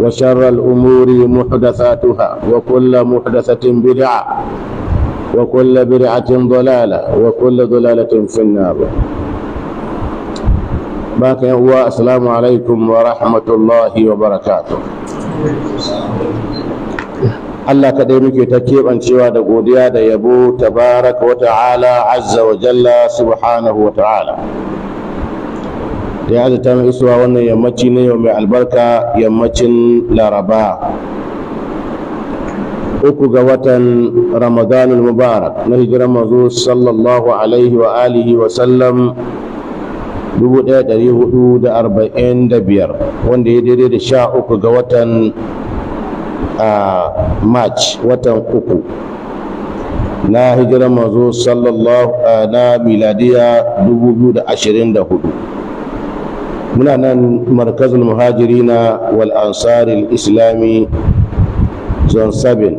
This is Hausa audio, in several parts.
وشر الأمور محدثاتها وكل محدثة بدعة وكل بدعة ضلالة وكل ضلالة في النار باك هو السلام عليكم ورحمة الله وبركاته Allah kaɗai muke ta kebancewa da godiya da yabo tabaraka wa ta'ala azza wa jalla subhanahu wa ta'ala da ya azurta mai isuwa wannan yammaci na yau mai albarka yammacin laraba uku ga watan ramadanul mubarak na hijirar mazo sallallahu alaihi wa alihi wa sallam 1445 wanda ya daidai da sha uku ga watan march watan uku na hijirar mazo sallallahu na miladiya 2024 muna nan markazin muhajirina wal ansaril islami zon sabin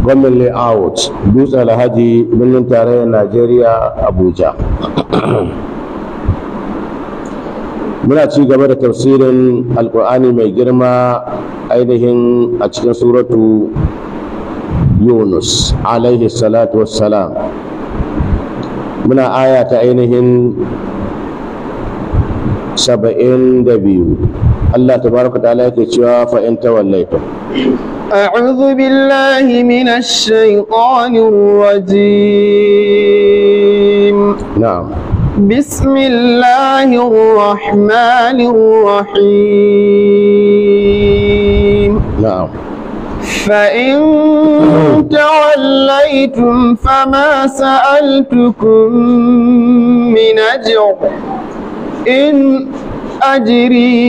gwamnan layout dutsen alhaji birnin tarayyar najeriya abuja muna ci gaba da tafsirin alkur'ani mai girma ainihin a cikin suratu yunus alaihi salatu wassalam muna aya ta ainihin saba'in da biyu Allah tabaraka ta'ala yake cewa fa in tawallaitum a'udhu billahi minash shaitanir rajim na'am bismillahir rahmanir rahim na'am فإن توليتم فما سألتكم من أجر إن أجري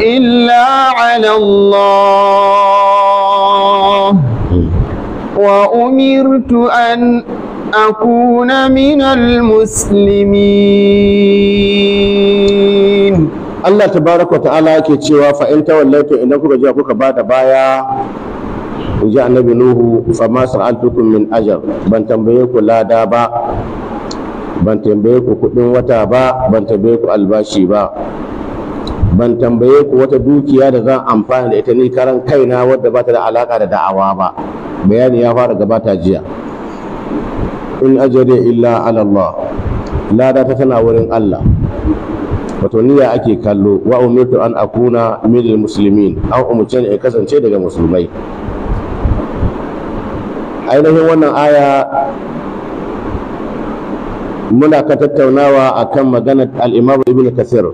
إلا على الله وأمرت أن أكون من المسلمين Allah tabaraka ta'ala yake cewa fa in idan kuka je kuka bada baya ji annabi nuhu fa ma sa'altukum min ajr ban tambaye ku lada ba ban tambaye ku kudin wata ba ban tambaye ku albashi ba ban tambaye ku wata dukiya da zan amfana da ita ni karan kaina wadda ba ta da alaka da da'awa ba bayani ya fara gabata jiya in ajri illa ala Allah lada ta tana wurin Allah wato niyya ake kallo wa umirtu an akuna min muslimin an umurce ni in kasance daga musulmai ainihin wannan aya muna ka tattaunawa akan maganar al-Imam Ibn kasir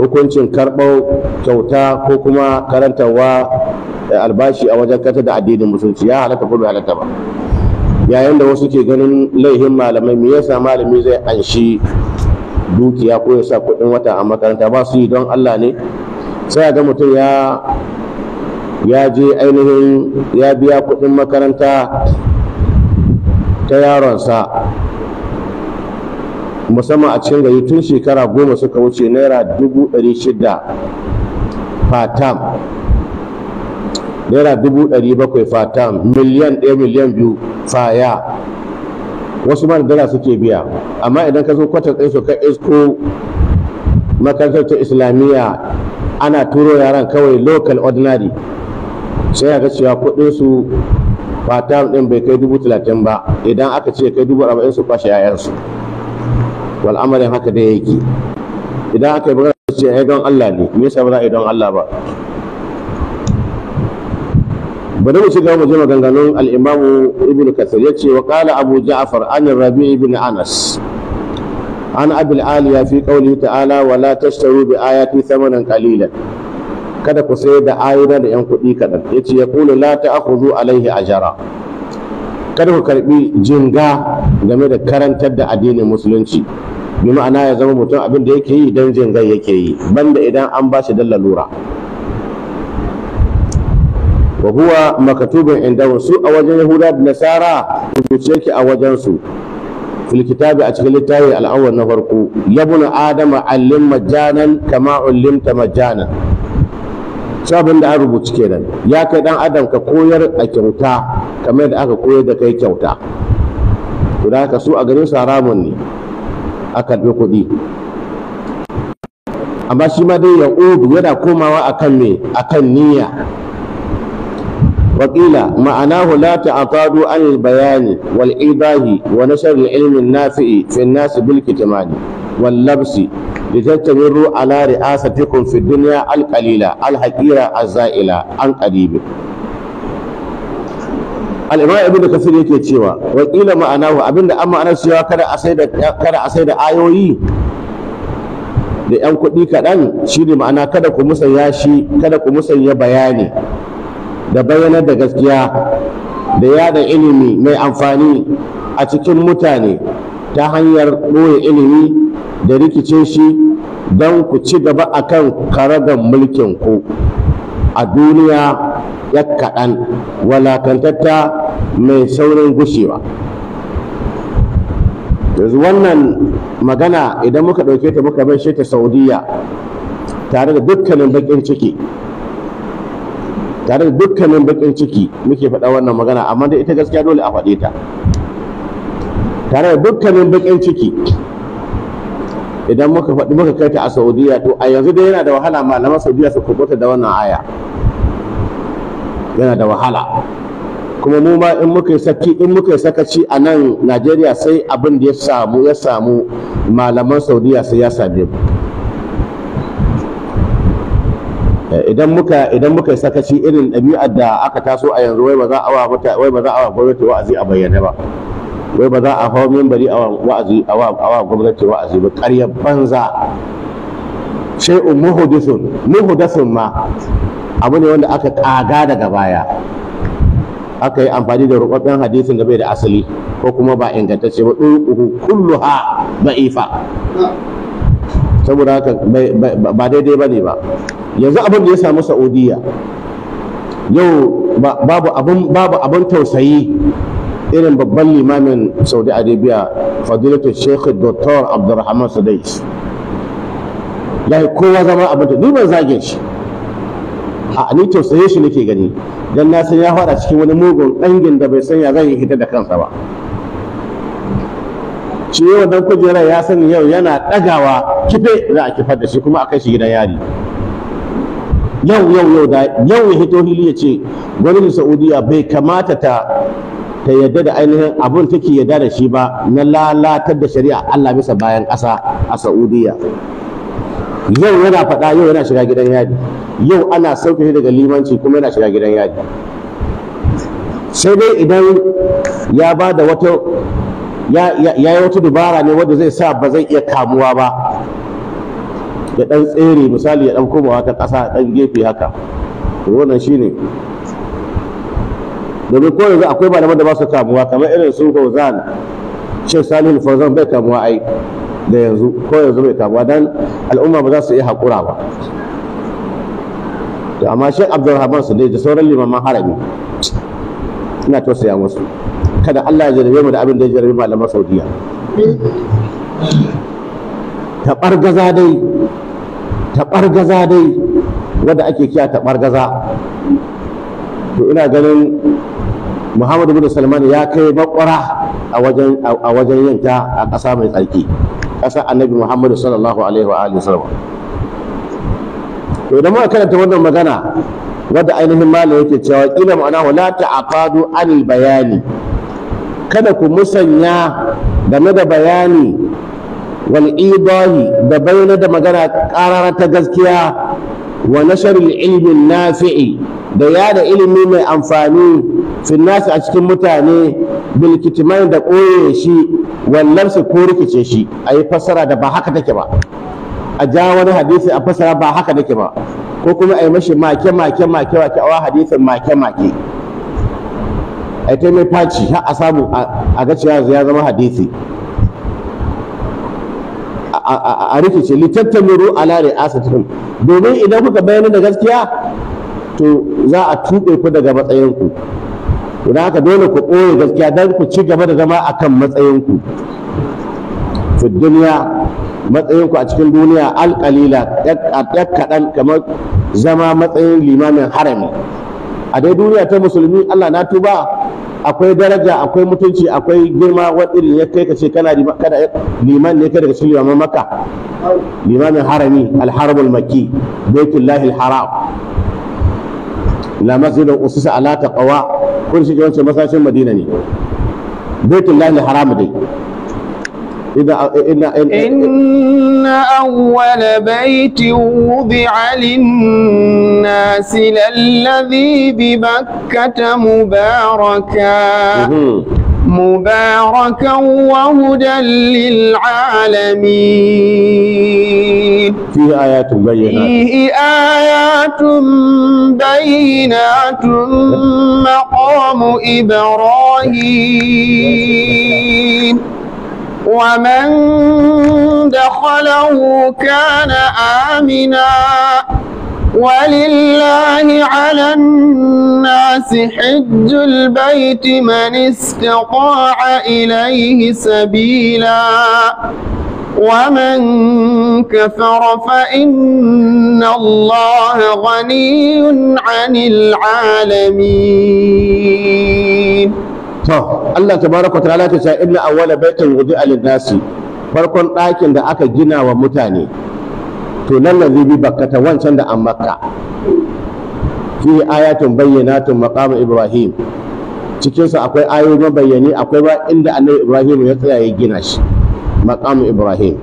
hukuncin karɓar kyauta ko kuma karantarwa albashi a wajen kata da addinin musulunci ya halatta ko bai halatta ba yayin da wasu ke ganin laihin malamai me yasa malami zai anshi dukiya ko ya sa kuɗin wata a makaranta ba su yi don Allah ne sai ga mutum ya ya je ainihin ya biya kuɗin makaranta ta yaronsa musamman a cikin gari tun shekara goma suka wuce naira dubu ɗari shida fatam naira dubu ɗari bakwai fatam miliyan ɗaya miliyan biyu faya wasu mana da dala suke biya amma idan ka zo kwatar ɗin su ka isko makarantar ta islamiyya ana turo yaran kawai local ordinary sai ga cewa kuɗin su fata ɗin bai kai dubu talatin ba idan aka ce kai dubu arba'in su kwashe yayansu wal'amarin haka da yake idan aka yi magana ce yi don Allah ne me yasa ba za a yi don Allah ba bari mu shiga mu je maganganun al-Imam Ibn Kathir ce wa qala Abu Ja'far an Rabi' ibn Anas an Abi al ya fi qawli ta'ala wa la tashtaru bi ayati thamanan qalilan kada ku sayar da ayyana da yan kuɗi kaɗan yace ya kula la ta'khudhu alaihi ajara kada ku karɓi jinga game da karantar da addinin musulunci bi ma'ana ya zama mutum abin da yake yi dan jinga yake yi banda idan an ba shi dan lalura wa huwa makatubun indahum su a wajen yahuda da nasara rubuce yake a wajen su fil kitabi a cikin littafi al'awwal na farko yabun adama allim majanan kama ullimta majanan sabon da an rubuci kenan ya kai dan adam ka koyar a kyauta kamar da aka koyar da kai kyauta to da haka su a garin su haramun ne a karɓi kuɗi amma shi ma dai ya yana komawa akan me akan niyya وقيل معناه لا تعطاد عن البيان والإيضاح ونشر العلم النافع في الناس بالكتمان واللبس لتستمروا على رئاستكم في الدنيا القليلة الحقيرة الزائلة عن قريب al'imam ibn kafir yake cewa wakila ma'anahu abinda an ma'ana cewa kada a sai kada da ayoyi da yan kuɗi kaɗan shine ma'ana kada ku musanya shi kada ku musanya bayani da bayanar da gaskiya da yada ilimi mai amfani a cikin mutane ta hanyar ɓoye ilimi da rikice shi don ku ci gaba a kan karagar mulkinku a duniya ya kaɗan walakantatta mai saurin gushewa yanzu wannan magana idan muka ɗauke ta muka bai ta saudiya tare da dukkanin baƙin ciki tare da dukkanin bakin ciki muke faɗa wannan magana amma dai ita gaskiya dole a faɗe ta tare da dukkanin bakin ciki idan muka faɗi muka kai ta a saudiya to a yanzu dai yana da wahala malaman saudiya su kubuta da wannan aya yana da wahala kuma mu ma in muka saki in muka sakaci a nan najeriya sai abin da ya samu ya samu malaman saudiya sai ya same mu idan muka idan muka yi sakaci irin ɗabi'ar da aka taso a yanzu wai ba za a wa mata wai ba za a wa gwamnati wa'azi a bayyane ba wai ba za a hawo membari a wa'azi a wa gwamnati wa'azi ba ƙaryar banza shay'un muhdithun muhdathun ma abu ne wanda aka kaga daga baya aka yi amfani da rubabben hadisin da bai da asali ko kuma ba ingantacce ba kulluha ba'ifa saboda haka ba daidai ba ne ba yanzu abin da ya samu saudiya yau babu abin babu tausayi irin babban limamin saudi arabia fadilatu sheikh dr abdurrahman sadais ya kowa zama abin ni ban zage shi a ni tausayi shi nake gani dan na san ya fada cikin wani mugun dangin da bai san ya yi hita da kansa ba shi wannan kujerar ya sani yau yana ɗagawa kife za a kifar da shi kuma a kai shi gidan yari yau yau yau da yau ya hito hili ya ce gwamnatin saudiya bai kamata ta ta yadda da ainihin abin take yadda da shi ba na lalatar da shari'a Allah bisa bayan ƙasa a saudiya yau yana faɗa yau yana shiga gidan yari yau ana sauke shi daga limanci kuma yana shiga gidan yari sai dai idan ya ba da wata ya yi wata dubara ne wanda zai sa ba zai iya kamuwa ba ya ɗan tsere misali ya ɗan komawa ta ƙasa ɗan gefe haka wannan shine domin ko yanzu akwai ba da ba su kamuwa kamar irin su Fauzan Sheikh Salih Fauzan bai kamuwa ai da yanzu ko yanzu bai kamuwa dan al'umma ba za su iya haƙura ba to amma Sheikh Abdulrahman ne da sauran limaman harami ina tausaya musu haka da Allah ya jarabe mu da abin da ya jarabe malaman Saudiya taɓar gaza dai taɓar gaza dai wadda ake kiya taɓar gaza to ina ganin Muhammadu bin Salman ya kai makwara a wajen a wajen yanta a ƙasa mai tsarki ƙasa Annabi Muhammadu sallallahu alaihi wa alihi wasallam to idan muka karanta wannan magana wadda ainihin malam yake cewa kila ma'ana la ta'aqadu anil bayani kada ku musanya game da bayani wal idahi da bayyana da magana karara ta gaskiya wa ilimin ilmin nafi'i da yada ilimi mai amfani fi nasu a cikin mutane bil da koye shi wallar su ko rikice shi a yi fassara da ba haka take ba a ja wani hadisi a fassara ba haka take ba ko kuma a yi mashi make make make a wa hadisin make make a ta mai faci har a samu a ga cewa ya zama hadisi a rikice a ala asatun domin idan kuka bayanin da gaskiya to za a tuɓe ku daga matsayinku ku da haka dole ku ɓoye gaskiya don ku ci gaba da zama akan matsayinku fi duniya matsayinku a cikin duniya alƙalila ɗan kaɗan kamar zama matsayin limamin harami a dai duniya ta musulmi Allah na tuba akwai daraja akwai mutunci akwai girma wadiri ya kai ka ce kana kada liman ne kai daga cikin limamin makka limamin harami alharamul makki baitullahi alharam la masjidun usisa ala taqwa kun shi wancan masashin madina ne baitullahi alharam dai إن إن إن, إن أول بيت وضع للناس للذي ببكة مباركا مباركا وهدى للعالمين فيه آيات بينات فيه آيات بينات مقام إبراهيم ومن دخله كان آمنا ولله على الناس حج البيت من استطاع إليه سبيلا ومن كفر فإن الله غني عن العالمين to Allah tabaraka ta'ala ta ce inna awwala baitin wudi'a lin-nasi farkon ɗakin da aka gina wa mutane to nan lazi bi bakkata wancan da an makka fi ayatun bayyanatun maqam ibrahim cikin sa akwai ayoyi mabayyani akwai ba inda annabi ibrahim ya tsaya ya gina shi maqam ibrahim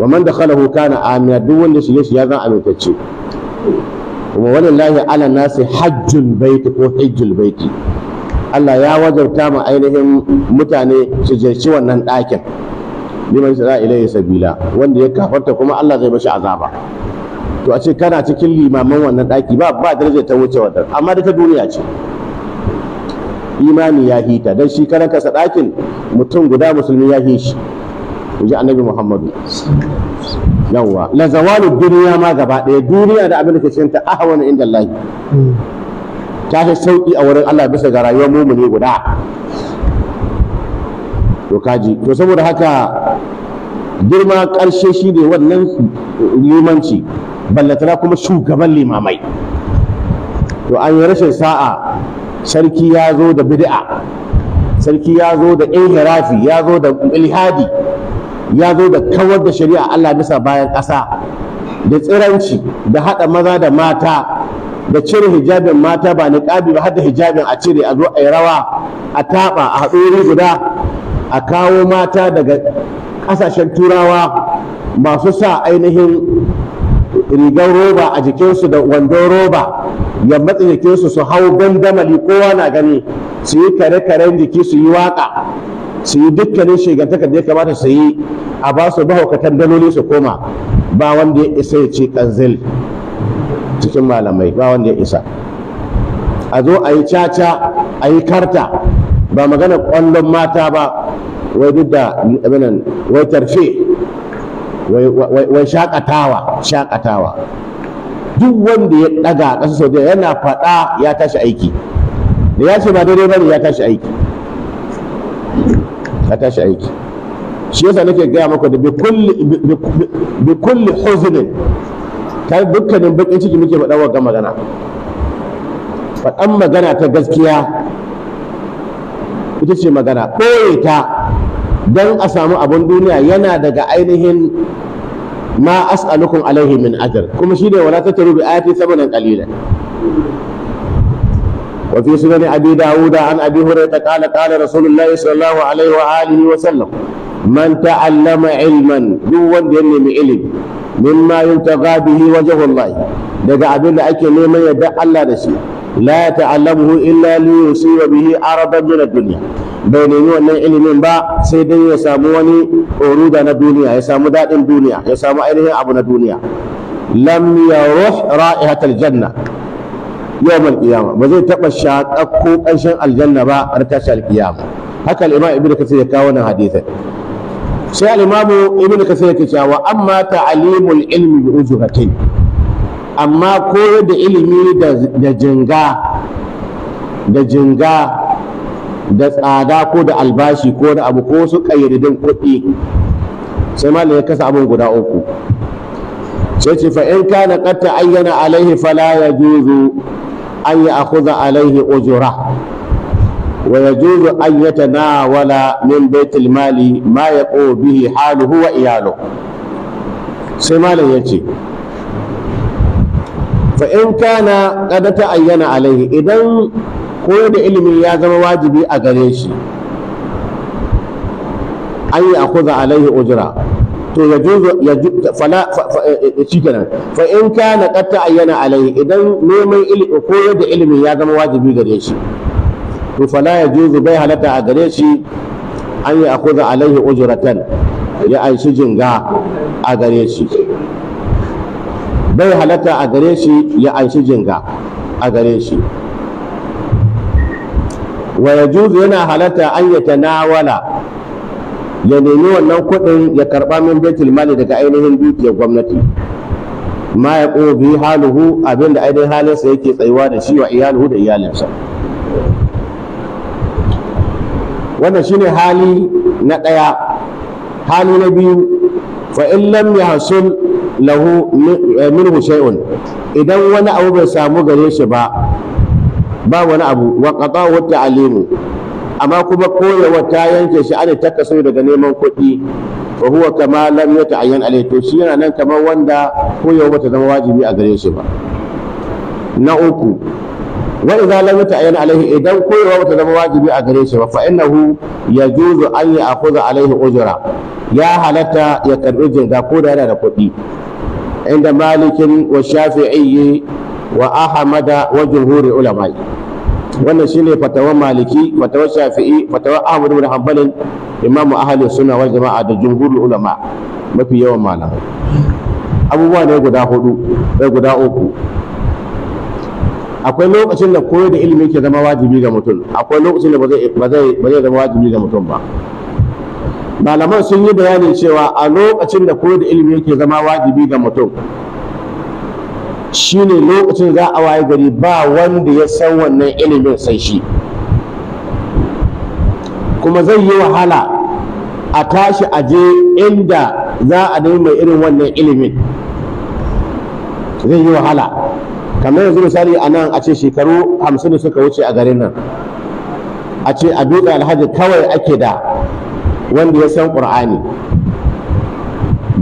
wa man dakhalahu kana amina duk wanda shi ya zan amintacce kuma walillahi ala nasi hajjul baiti ko hajjul baiti Allah ya wajabta ma ainihin mutane su jirci wannan ɗakin liman sa ilayhi sabila wanda ya kafarta kuma Allah zai bashi azaba to a ce kana cikin limaman wannan ɗaki ba ba darajar ta wuce wannan amma da ta duniya ce imani ya hita dan shi kana kasa ɗakin mutum guda musulmi ya hi shi inji annabi Muhammadu yawwa la zawalu duniya ma gaba ɗaya duniya da abin da ke cikin ta ahwana inda Allah hmm. ta fi sauƙi a wurin Allah bisa ga rayuwar mumuni guda to kaji to saboda haka girma ƙarshe shi ne wannan limanci ballatana kuma shugaban limamai to an yi rashin sa'a sarki ya zo da bid'a sarki ya zo da inhirafi ya zo da ilhadi ya zo da kawar da shari'a Allah bisa bayan ƙasa da tsiranci da haɗa maza da mata da cire hijabin mata ba niqabi ba har da hijabin a cire a zo a rawa a taɓa a haɗori guda a kawo mata daga ƙasashen turawa masu sa ainihin rigar roba a jikinsu da wandon roba ya matsa jikinsu su hau dandamali kowa na gani su yi kare-karen jiki su yi waƙa su yi dukkanin shigantakar da ya kamata su yi a ba su bahaukatan daloli su koma ba wanda ya isa ya ce kanzil cikin malamai ba wanda ya isa a zo a yi caca a yi karta ba magana kwallon mata ba wai duk da abinan wai tarfe wai shakatawa shakatawa duk wanda ya daga a ƙasa sau yana faɗa ya tashi aiki da ya ce ba daidai ne ya tashi aiki ya tashi aiki shi yasa nake gaya maka da bi kulli huzunin kai dukkanin bakin ciki muke faɗa wa magana faɗan magana ta gaskiya ita ce magana ɓoye ta don a samu abin duniya yana daga ainihin ma as'alukum alaihi min ajr kuma shi ne wala tattaru bi ayati sabanan qalila wa fi sunan abi dawud an abi hurairah qala qala rasulullahi sallallahu alaihi wa alihi wa sallam man ta'allama ilman duk wanda ya nemi ilimi mimma yuntaqa bihi wajhu Allah daga abin da ake neman yadda Allah da shi la ta'allamuhu illa li yusiba bihi aradan min ad-dunya bai nemi wannan ilimin ba sai dai ya samu wani oruda na duniya ya samu daɗin duniya ya samu ainihin abu na duniya lam yaruh ra'ihat al-janna yawm al-qiyamah ba zai taba shaƙa ko ƙanshin aljanna ba har tashi al-qiyamah haka al-imam ibnu kasir ya kawo nan hadisin sai alimamu ibn ibnu kasir yake cewa amma ta'limul ilmi bi ujratin amma koyar da ilimi da jinga da jinga da tsada ko da albashi ko da abu ko su kayyadin kuɗi sai malam ya kasa abin guda uku sai ce fa in kana qad ayyana alaihi fala yajuzu an ya'khudha alaihi ujra ويجوز أن يتناول من بيت المال ما يقوم به حاله وإياله سمالا يجي فإن كان قد تأين عليه إذن ko da ilimi ya zama wajibi a gare shi an yi akuza alaihi ujira to ya juzo fala shikenan fa in kana qad ayyana alaihi idan neman da ilimi ya zama wajibi gare shi to fala ya juzu bai halatta a gare shi an yi akuza alaihi ujratan ya aishi jinga a gare shi bai halatta a gare shi ya aishi jinga a gare shi wa ya juzu yana halatta an ya tanawala ya nemi wannan kuɗin ya karɓa min baitul mali daga ainihin dukiyar gwamnati ma ya ƙobi haluhu abinda ainihin halinsa yake tsayuwa da shi wa iyaluhu da iyalinsa wannan shine hali na ɗaya hali na biyu fa in lam yahsul lahu eh, minhu shay'un idan wani abu bai samu gare shi ba ba wani abu wa qata wata ta'limu amma kuma koyewa ta yanke shi ana ta kaso daga neman kuɗi fa huwa kama lam yata'ayyan alayhi to shi yana nan kamar wanda koyewa bata zama wajibi a gare shi ba na uku wa idza lam yata'ayyan Alayhi idan koyarwa bata zama wajibi a gare shi ba fa innahu yajuzu an ya'khudha Alayhi ujra ya halatta ya karbi jinga ko da yana da kuɗi inda malikin wa shafi'i wa ahmada wa jumhuri ulama wannan shine fatawar maliki fatawar shafi'i fatawar ahmad bin hanbalin imamu ahli sunna wal jama'a da jumhurul ulama mafi yawan malamai abubuwa ne guda hudu guda uku akwai lokacin da koyar da ilimi ke zama wajibi ga mutum akwai lokacin da ba zai zama wajibi ga mutum ba malaman sun yi bayanin cewa a lokacin da koyar da ilimi ke zama wajibi ga mutum shine lokacin za a waye gari ba wanda ya san wannan ilimin sai shi kuma zai yi wahala a tashi a je inda za a nemi irin wannan ilimin zai yi wahala kamar yanzu misali a nan a ce shekaru hamsin suka wuce a garin nan a ce a duka alhaji kawai ake da wanda ya san ƙur'ani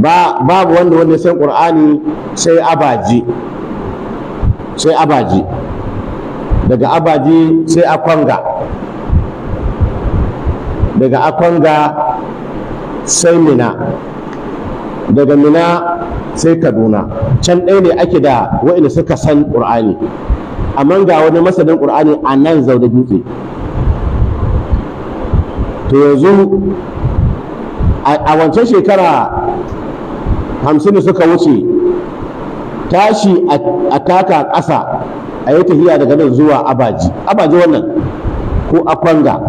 babu wanda wanda ya san ƙur'ani sai abaji sai abaji daga abaji sai akwanga daga akwanga sai mina daga mina sai kaduna can ɗaya ne ake da waɗanda suka san ƙur'ani amma ga wani masanin ƙur'ani a nan zaune dutse to yanzu a wancan shekara hamsin suka wuce tashi a taka ƙasa a yi tafiya daga nan zuwa abaji abaji wannan ko akwanga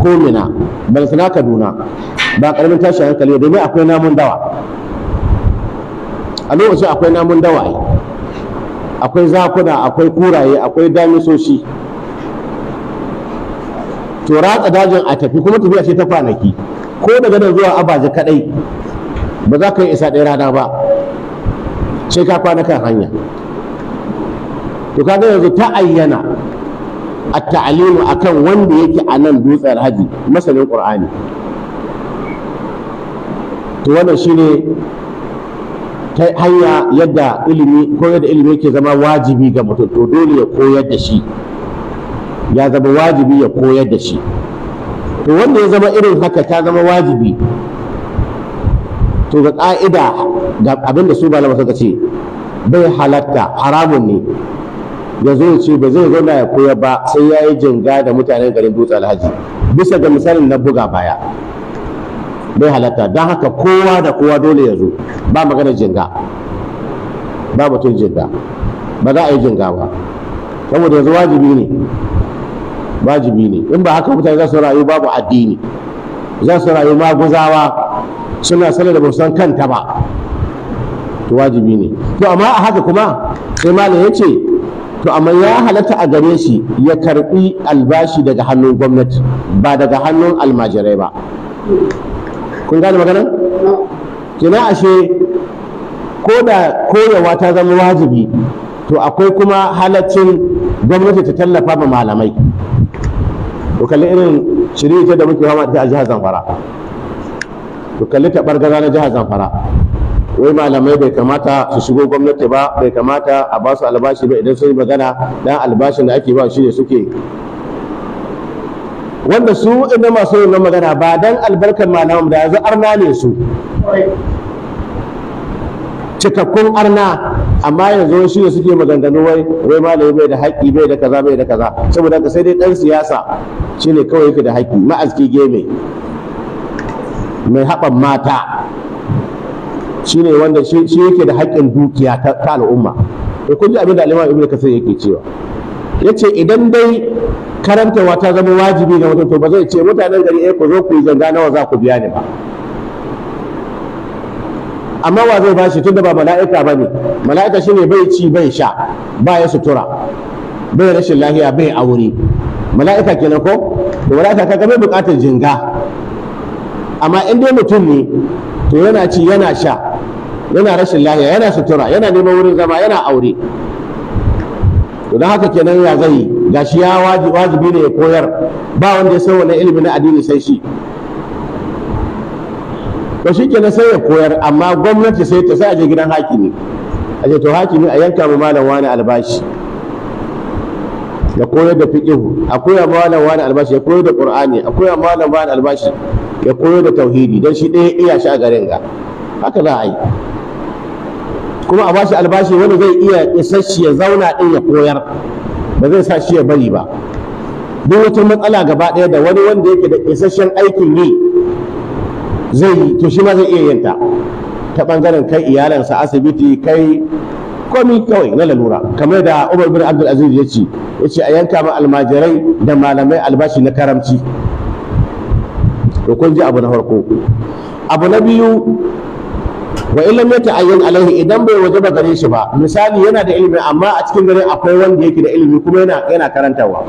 ko mina ban sana kaduna ba ƙaramin tashi hankali domin akwai namun dawa a lokacin akwai namun dawaye akwai zakuna akwai kuraye akwai damisoshi to ratsa dajin a tafi kuma tafiya ce ta kwanaki ko daga nan zuwa abaji kadai ba za ka yi isa ɗaya rana ba sai ka kwana kan hanya to kaga yanzu ta ayyana a ta'alimu akan wanda yake a nan dutsen haji masanin ƙur'ani to wannan shine ta hanya yadda ilimi koyar da ilimi ke zama wajibi ga mutum to dole ya koyar da shi ya zama wajibi ya koyar da shi to wanda ya zama irin haka ta zama wajibi to ga ka'ida ga abin da su malama suka ce bai halatta haramun ne ya zo ce ba zai zauna ya koyar ba sai ya yi jinga da mutanen garin dutse alhaji bisa ga misalin na buga baya bai halatta don haka kowa da kowa dole ya zo ba magana jinga ba mutum jinga ba za a yi jinga ba saboda yanzu wajibi ne wajibi ne in ba haka mutane za su rayu babu addini za su rayu maguzawa suna sanar da san kanta ba to wajibi ne to amma a haka kuma sai malam ya ce to amma ya halatta a gare shi ya karbi albashi daga hannun gwamnati ba daga hannun almajirai ba kun gane magana kina ashe ko da koyarwa ta zama wajibi to akwai kuma halaccin gwamnati ta tallafa ma malamai to kalli irin shirye da muke fama a jihar zamfara to kalli ta bargaza na jihar zamfara wai malamai bai kamata su shigo gwamnati ba bai kamata a ba su albashi ba idan sun yi magana dan albashin da ake ba shi ne suke wanda su inda masu yin magana ba don albarkar malamu da yanzu arna ne su cikakkun arna amma yanzu shi ne suke maganganu wai wai malami bai da haƙƙi bai da kaza bai da kaza saboda ka sai dai dan siyasa shine kawai yake da haƙƙi ma'azki geme mai haɓan mata shine wanda shi yake da haƙƙin dukiya ta al'umma kun ji abin da al'imam ibn kasir yake cewa ya ce idan dai karantawa ta zama wajibi ga mutum to ba zai ce mutanen gari eh ku zo ku yi zanga nawa za ku biya ni ba amma wa zai bashi tunda ba mala'ika ba ne mala'ika shine bai ci bai sha ba ya sutura bai rashin lahiya bai aure mala'ika kenan ko da mala'ika kaga bai bukatar jinga amma in dai mutum ne to yana ci yana sha yana rashin lahiya yana sutura yana neman wurin zama yana aure don haka kenan ya zai gashi ya wajibi ne ya koyar ba wanda ya san wani ilimi na addini sai shi to shi kenan sai ya koyar amma gwamnati sai ta sai a je gidan hakimi a je to hakimi a yanka mu malam wani albashi ya koyar da fiqhu a koyar malam wani albashi ya koyar da qur'ani a koyar malam wani albashi ya koyar da tauhidi dan shi ɗaya iya shi a garin ga haka za a yi kuma a bashi albashi wani zai iya isasshe ya zauna ɗin ya koyar ba zai sa shi ya bari ba duk wata matsala gaba ɗaya da wani wanda yake da isasshen aikin yi zai yi to shi ma zai iya yinta ta ɓangaren kai iyalansa asibiti kai komi kawai na lalura kamar da Umar bin Abdul Aziz ya ce ya ce a yanka ma almajirai da malamai albashi na karamci to kun ji abu na farko abu na biyu wa illam yata'ayyan alaihi idan bai wajaba gare shi ba misali yana da ilimi amma a cikin garin akwai wanda yake da ilimi kuma yana yana karantawa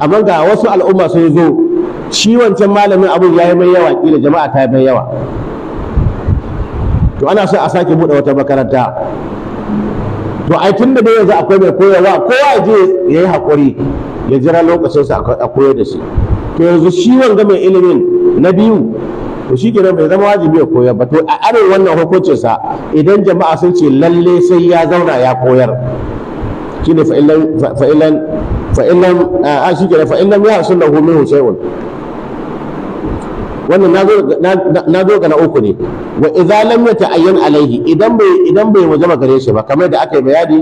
amma ga wasu al'umma sun zo shi wancan malamin abu yayi mai yawa kila jama'a ta mai yawa to ana so a sake bude wata makaranta to ai tun da yanzu akwai mai koyarwa kowa je yayi hakuri ya jira lokacin sa a koyar da shi to yanzu shi wanga mai ilimin na biyu to shi kenan bai zama wajibi ya koyar ba to a arewa wannan hukuncinsa idan jama'a sun ce lalle sai ya zauna ya koyar shine fa'ilan fa'ilan fa'ilan a shi kenan fa'ilan ya sunna hu minhu shay'un wannan na zo ga na uku ne wa idza lam yata'ayyan alaihi idan bai idan bai wajaba gare shi ba kamar da aka yi bayani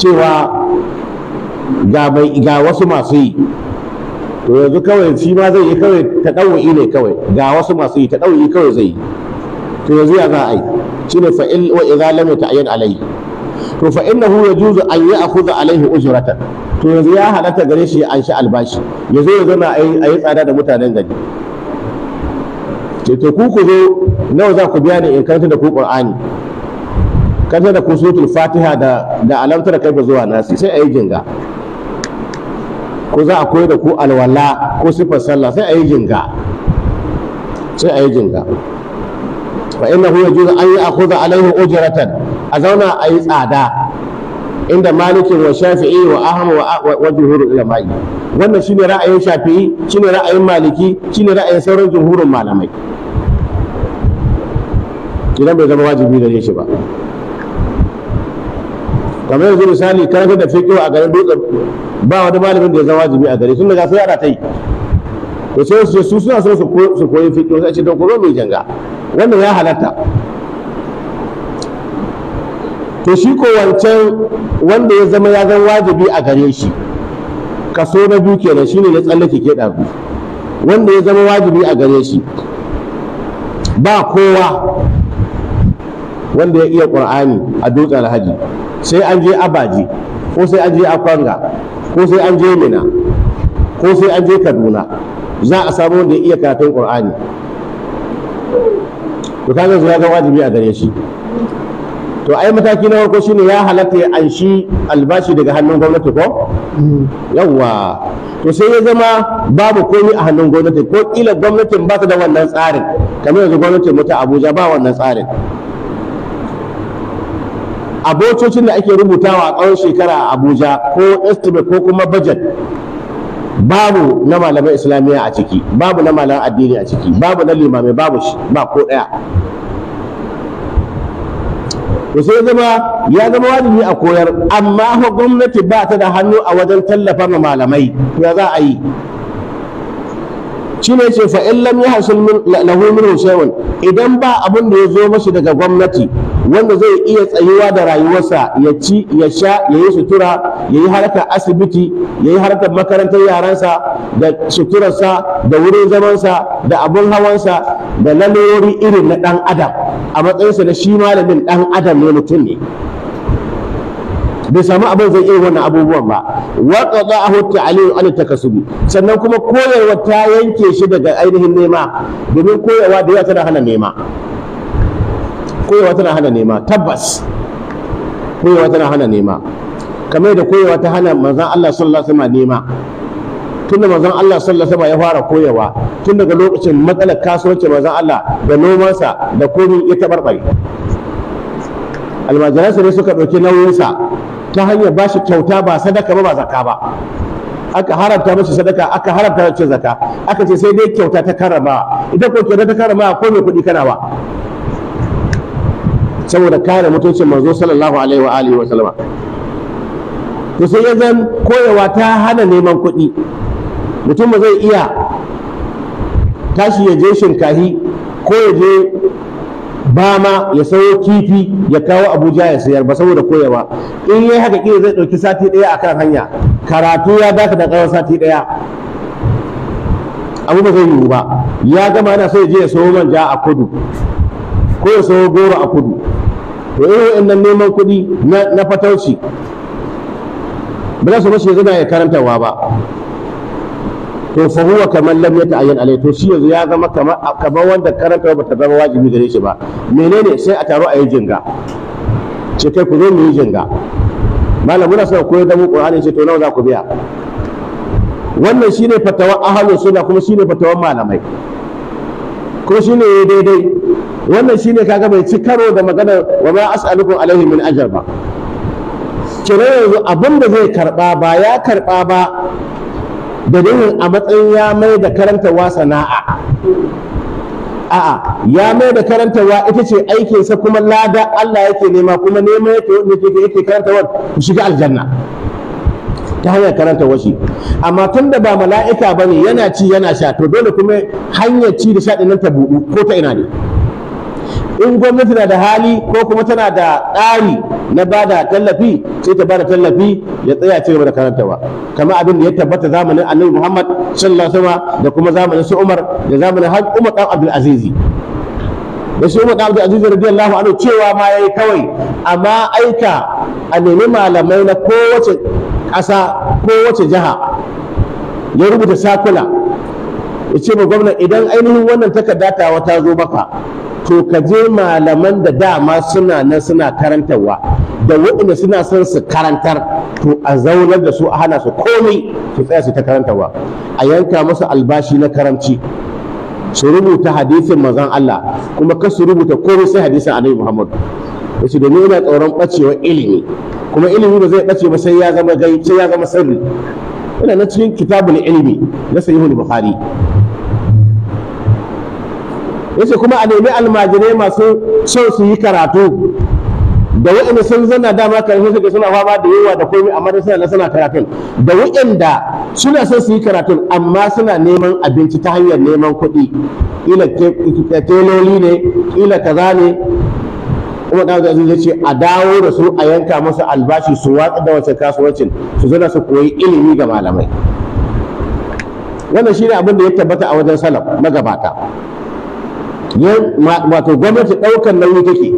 cewa ga wasu masu yi to yanzu kawai shi ma zai yi kawai ɗaui ne kawai ga wasu masu yi ɗaui kawai zai yi to yanzu ya za a yi shi ne fa'il wa lamai ta yata'ayyan alayhi to fa hura juzu an yi a ya'khudha alayhi Uzuratan. to yanzu ya halatta gare shi an shi albashi zo ya zama a yi tsada da mutanen gari ce to ku ku zo nawa za ku biya ni in karanta da ku qur'ani karanta da ku suratul fatiha da da alamtar kai zuwa nasi sai a yi jinga ko za a koyar da ku alwala ko sifar sallah sai a yi jinga sai a yi jinga fa huwa yajuzu an ya'khudha alayhi ujratan a zauna a yi tsada inda malikin wa shafi'i wa ahmad wa wa jumhurul ulama wannan shine ra'ayin shafi'i shine ra'ayin maliki shine ra'ayin sauran jumhurul malamai idan bai zama wajibi gare shi ba kamar yanzu misali karfe da fiƙo a garin dutsen ba wani malamin da ya zama wajibi a gari sun daga sai ana ta yi to sai su su suna so su koyi fiƙo sai ce to ko mai janga wannan ya halatta to shi ko wancan wanda ya zama ya zama wajibi a gare shi kaso na biyu kenan shine ya tsallake ke ɗabi wanda ya zama wajibi a gare shi ba kowa wanda ya iya ƙur'ani a dutsen alhaji sai an je abaji ko sai an je akwanga ko sai an je mina ko sai an je kaduna za a samu wanda ya iya karatun ƙur'ani. to kaga zuwa ga wajibi a gare shi to ai mataki na farko shine ya halatta ya anshi albashi daga hannun gwamnati ko yawwa to sai ya zama babu komai a hannun gwamnati ko kila gwamnatin ba ta da wannan tsarin kamar yanzu gwamnatin mu ta Abuja ba wannan tsarin abococin da ake rubutawa a tsawon shekara a abuja ko estimate ko kuma budget babu na malamai islamiyya a ciki babu na malamai addini a ciki babu na limamai babu shi ba ko ɗaya to sai zama ya zama wajibi a koyar amma gwamnati ba ta da hannu a wajen tallafa ma malamai ya za a yi shine ne fa in lam yahsul lahu min shay'un idan ba abun da ya zo mashi daga gwamnati wanda zai iya tsayuwa da rayuwarsa ya ci ya sha ya yi sutura ya yi harkar asibiti ya yi harkar makarantar yaransa da suturarsa da wurin zamansa da abin hawansa da lalori irin na ɗan adam a matsayinsa da shi malamin ɗan adam ne mutum ne bai samu abin zai iya wannan abubuwan ba wa qada'ahu ta'alim an takasubi sannan kuma koyarwa ta yanke shi daga ainihin nema domin koyarwa da yawa tana hana nema koyarwa tana hana nema tabbas koyarwa tana hana nema kamar da koyarwa ta hana manzon Allah sallallahu alaihi wasallam nema tunda manzon Allah sallallahu alaihi ya fara koyarwa, tun daga lokacin matsalar kasuwanci manzon Allah da nomansa da komai ya tabarbare almajiransa ne suka ɗauki nauyinsa ta hanyar ba shi kyauta ba sadaka ba ba zaka ba aka haramta mashi sadaka aka haramta mashi zaka aka ce sai dai kyauta ta karama idan ko kyauta ta karama ko mai kuɗi kana ba saboda kare mutuncin manzo sallallahu alaihi wa alihi wa sallama to sai ya zan koyewa ta hana neman kuɗi mutum ba zai iya tashi ya je shinkahi ko ya je ba ma ya sayo kifi ya kawo abuja ya sayar ba saboda koyewa in yi haka kiri zai ɗauki sati ɗaya a kan hanya karatu ya baka da ƙawar sati ɗaya abu ba zai yiwu ba ya gama yana so ya je ya sayo manja a kudu ko ya sayo goro a kudu to irin nan neman kuɗi na fatauci ba za su mashi zana ya karantarwa ba to fa huwa kamar lam yata'ayyan alai to shi yanzu ya zama kamar kamar wanda karanta ba ta zama wajibi gare shi ba menene sai a taro a yi jinga ce kai ku zo mu yi jinga malam muna son koyar da mu qur'ani ce to nawa za ku biya wannan shine fatawan ahlus sunna kuma shine fatawan malamai ko shine daidai wannan shine kaga bai ci karo da magana wa ma as'alukum alaihi min ajr ba kira yanzu abin da zai karba ba ya karba ba dalilin a matsayin ya mai da karantarwa sana'a a'a ya mai da karantarwa ita ce aikinsa kuma lada Allah yake nema kuma nema yake yake ku shiga aljanna ta hanyar karanta washi amma tun da ba mala'ika ne yana ci yana sha to dole kuma hanyar ci da sha ɗin ta buɗu ko ta ina ne in gwamnati na da hali ko kuma tana da tsari na ba da tallafi sai ta ba da tallafi ya tsaya ci gaba karanta ba. kamar abin da ya tabbata zamanin annabi muhammad sallallahu alaihi wasallam da kuma zamanin su umar da zamanin har umar dan abdul azizi da shi umar dan abdul azizi radiyallahu anhu cewa ma yayi kawai amma aika a nemi malamai na kowace ƙasa kowace jiha ya rubuta sakula ya ce ma gwamna idan ainihin wannan takarda ta zo maka to ka je malaman da dama suna nan suna karantarwa da waɗanda suna son su karantar to a zaunar da su a hana su komai su tsaya su ta karantarwa a yanka musu albashi na karamci su rubuta hadisin manzon Allah kuma ka su rubuta komai sai hadisin Annabi Muhammad Wasu da yana tsoron ɓacewa ilimi kuma ilimi ba zai bace ba sai ya zama gai sai ya zama sirri yana na cikin kitabul ilimi na sahihul bukhari yace kuma a nemi almajirai masu son su yi karatu da waɗanda sun zana dama karfi suke suna fama da yawa da komai amma dai suna na suna karatun da waɗanda suna son su yi karatun amma suna neman abinci ta hanyar neman kuɗi ila teloli ne ila kaza ne kuma ɗan zai zai ce a dawo da su a yanka musu albashi su watsa da wancan kasuwancin su zana su koyi ilimi ga malamai wannan shine abin da ya tabbata a wajen salaf magabata wato gwamnati ɗaukar nauyi take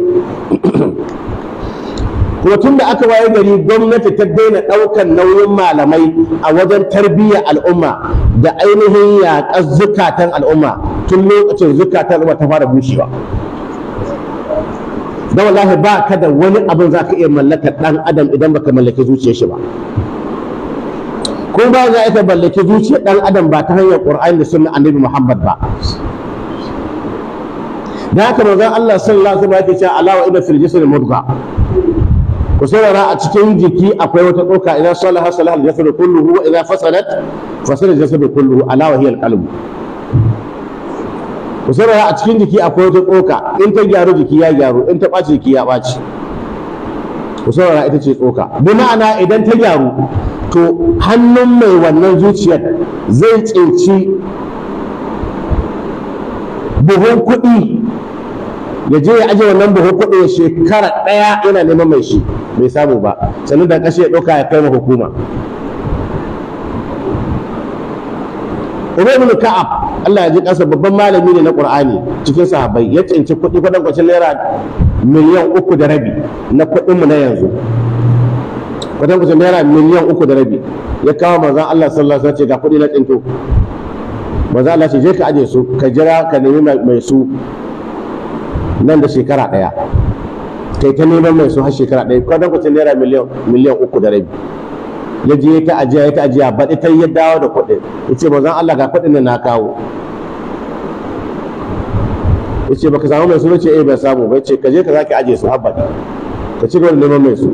kuma tun da aka waye gari gwamnati ta daina ɗaukar nauyin malamai a wajen tarbiyyar al'umma da ainihin yaƙar zukatan al'umma tun lokacin zukatan al'umma ta fara bushewa da wallahi ba ka da wani abin za ka iya mallaka ɗan adam idan baka mallaki zuciyar shi ba ko ba za ka mallaki zuciyar ɗan adam ba ta hanyar ƙur'ani da sunna annabi muhammad ba da haka manzon Allah sallallahu alaihi wasallam yake cewa alawa ina fil jisr mudga ku saurara a cikin jiki akwai wata doka idan salaha salaha al da kulluhu wa idan fasadat fasada al da kulluhu alawa hiya al-qalb sai saurara a cikin jiki akwai wata doka in ta gyaru jiki ya gyaru in ta ɓaci jiki ya ɓaci ku saurara ita ce tsoka bi ma'ana idan ta gyaru to hannun mai wannan zuciyar zai tsinci buhun kuɗi ya je ya aje wannan buhu kuɗi ya shekara ɗaya yana neman mai shi bai samu ba sannan da kashe ya ɗauka ya kai ma hukuma Umar bin Ka'ab Allah ya ji ƙasa babban malami ne na Qur'ani cikin sahabbai ya tsinci kuɗi kuɗin kwacin naira miliyan uku da rabi na kuɗin mu na yanzu kuɗin kwacin naira miliyan uku da rabi ya kawo manzon Allah sallallahu alaihi wasallam ce ga kuɗi na tsinto manzon Allah ce je ka aje su ka jira ka nemi mai su nan da shekara ɗaya kai ta neman mai su har shekara ɗaya kwanan kwacin naira miliyan uku da rabi ya je ta ajiya ya ta ajiya ba ita ya dawo da kuɗin ya ce mazan Allah ga kuɗin na kawo ya ce baka samu mai su ce eh bai samu ba ce ka je ka zaki ajiye su habbaɗi ka ci gaba neman mai su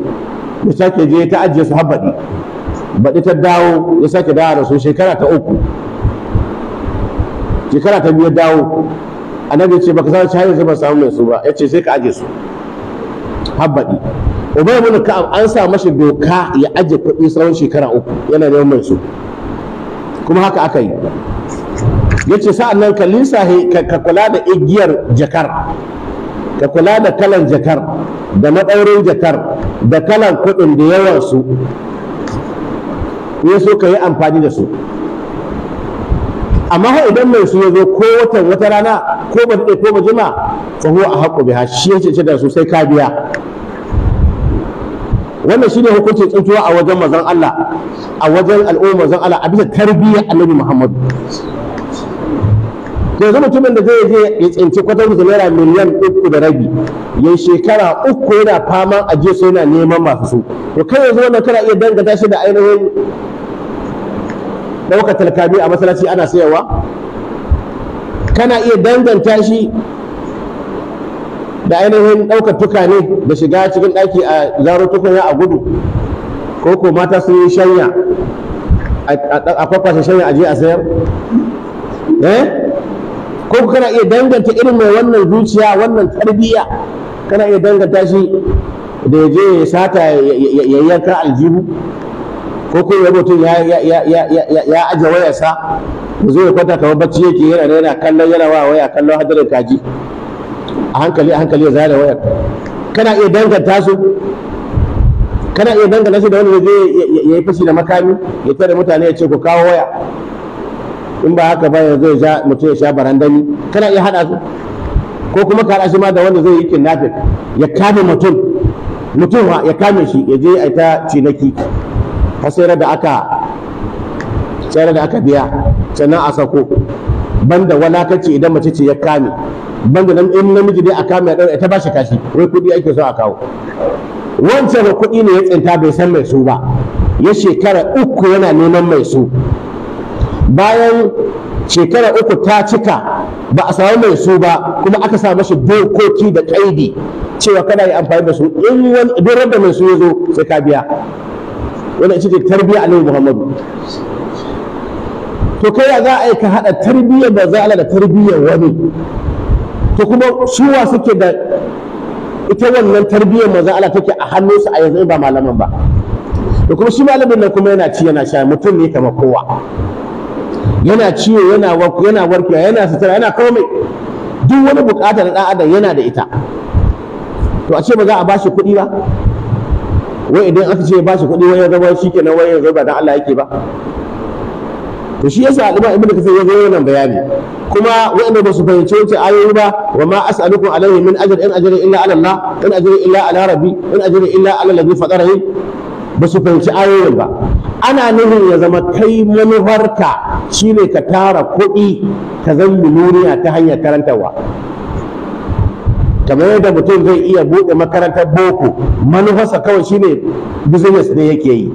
ya sake je ta ajiye su habbaɗi baɗi ta dawo ya sake dawo da su shekara ta uku shekara ta biyu dawo annabi ce baka san shayin zuba samu mai su ba yace sai ka aje su habbadi ubay ibn ka'ab an sa mashi doka ya aje kuɗi tsawon shekara uku yana neman mai su kuma haka aka yi yace sa'an nan ka ka kula da igiyar jakar ka kula da kalan jakar da madaurin jakar da kalan kuɗin da yawan su ya so ka yi amfani da su amma ha idan mai su ya zo ko watan wata rana ko ba ko ba jima fa huwa a haƙo biha shi ya cece da su sai ka biya wannan ne hukuncin tsuntuwa a wajen mazan Allah a wajen al'ummar mazan Allah a bisa tarbiyyar Annabi Muhammad yanzu mutumin da zai je ya tsinci kwatar da naira miliyan uku da rabi ya shekara uku yana fama a jiya yana neman masu su to kai yanzu wannan kana iya dangata shi da ainihin ɗaukar talkami a masallaci ana sayarwa kana iya danganta shi da ainihin ɗaukar tukane da shiga cikin ɗaki a zaro tukunya a gudu ko ko mata sun yi shanya a kwakwashe shanya a je a sayar eh ko kana iya danganta irin mai wannan zuciya wannan tarbiyya kana iya danganta shi da ya je sata ya yanka aljihu ko kuma ya mutum ya ya aje wayarsa ya zo ya kwanta kamar bacci yake yana yana kallon yana wa waya kallon hadarin kaji a hankali a hankali ya zare wayar kana iya danganta su kana iya danganta su da wani zai ya yi fashi da makami ya tare mutane ya ce ku kawo waya in ba haka ba ya zai ja mutum ya sha barandami kana iya hada su ko kuma ka shi ma da wanda zai yi kidnapping ya kame mutum mutum ya kame shi ya je a ta cinaki har da aka tsere da aka biya sannan a sako banda walakaci idan mace ce ya kame banda nan in namiji dai a kame a ɗaure ta shi kashi wai kuɗi ake so a kawo wancan da kuɗi ne ya tsinta bai san mai su ba ya shekara uku yana neman mai su bayan shekara uku ta cika ba a samu mai su ba kuma aka sa mashi dokoki da ƙaidi cewa kana yi amfani da su in wani duk da mai su ya zo sai ka biya wanda ita ce tarbiyya annabi muhammadu to kai ya za a yi ka haɗa tarbiyyar da za a da tarbiyyar wani to kuma suwa suke da ita wannan tarbiyyar maza Allah take a hannunsu a yanzu ba malaman ba da kuma shi malamin nan kuma yana ci yana sha mutum ne kama kowa yana ciwo yana warkewa yana warkewa yana sutura yana komai duk wani bukatar ɗan adam yana da ita to a ce ba za a bashi kuɗi ba wai idan aka ce ba shi kuɗi wai ya zama shi ke kenan wai yanzu ba dan Allah yake ba to shi yasa al'umma ibnu kasir ya zo wannan bayani kuma wanda ba su fahimci wace ayoyi ba wa ma as'alukum alaihi min ajr in ajri illa ala Allah in ajri illa ala rabbi in ajri illa ala alladhi fatarani ba su fahimci ayoyin ba ana nufin ya zama kai manufarka shine ka tara kuɗi ka zan miliyoniya ta hanyar karantarwa kamar yadda mutum zai iya buɗe makarantar boko manufarsa kawai shine business ne yake yi